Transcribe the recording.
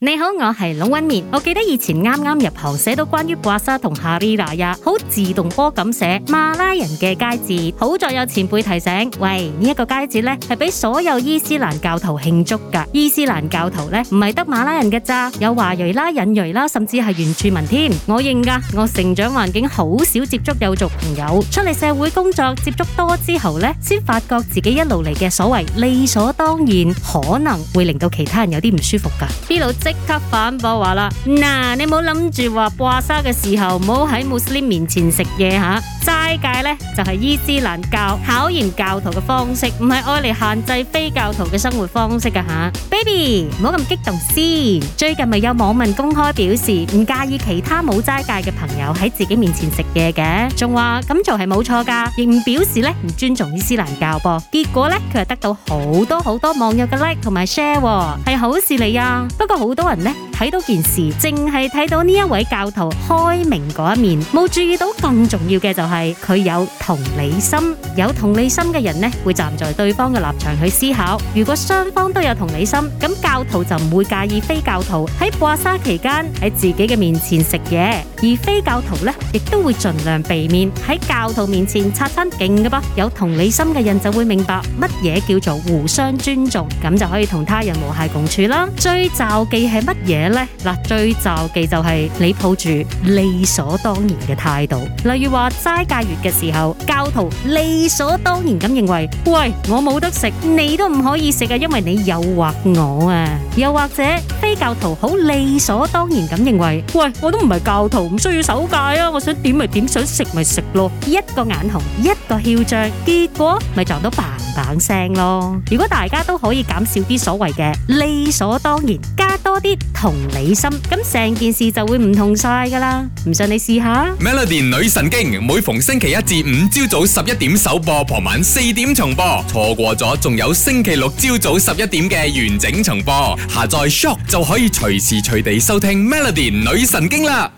你好，我係龍紋敏。我記得以前啱啱入行寫到關於 Puasa 同 Hari Raya 呀，好自動波咁寫馬拉人嘅佳節。好在有前輩提醒，喂呢一，這個佳節咧係俾所有伊斯蘭教徒慶祝噶。伊斯蘭教徒呢，唔係得馬拉人嘅咋，有華裔啦、印裔啦，甚至係原住民添。我認噶，我成長環境好少接觸友族朋友，出嚟社會工作接觸多之後呢，先發覺自己一路嚟嘅所謂理所當然，可能會令到其他人有啲唔舒服噶。即刻反駁話啦，嗱，你冇諗住話 puasa 嘅時候，冇喺穆斯林面前食嘢嚇。齋戒呢就係、是、伊斯蘭教考驗教徒嘅方式，唔係愛嚟限制非教徒嘅生活方式噶吓、啊。Baby 唔好咁激動先。最近咪有網民公開表示唔介意其他冇齋戒嘅朋友喺自己面前食嘢嘅，仲話咁做係冇錯噶，亦唔表示咧唔尊重伊斯蘭教波。結果咧佢又得到好多好多網友嘅 like 同埋 share，係好事嚟啊。不過好多人呢。睇到件事，淨係睇到呢一位教徒開明嗰一面，冇注意到更重要嘅就係佢有同理心。有同理心嘅人呢，會站在對方嘅立場去思考。如果雙方都有同理心，咁教徒就唔會介意非教徒喺 Puasa 期間喺自己嘅面前食嘢，而非教徒咧亦都會盡量避免喺教徒面前擦餐勁嘅噃。有同理心嘅人就會明白乜嘢叫做互相尊重，咁就可以同他人和諧共處啦。最罩忌係乜嘢？最忌諱嘅就係你抱住理所當然嘅態度，例如話齋戒月嘅時候，教徒理所當然咁認為：喂，我冇得食，你都唔可以食啊，因為你誘惑我啊！又或者。基督教徒好理所當然咁認為，喂，我都唔係教徒，唔需要守戒啊！我想點咪點，想食咪食咯。一個眼紅，一個囂張，結果咪撞到 bang bang 聲咯。如果大家都可以減少啲所謂嘅理所當然，加多啲同理心，咁成件事就會唔同晒噶啦。唔信你試下。Melody 女神經，每逢星期一至五朝早十一點首播，傍晚四點重播。錯過咗，仲有星期六朝早十一點嘅完整重播。下載 Shock。就可以隨時隨地收聽 Melody 女神經啦！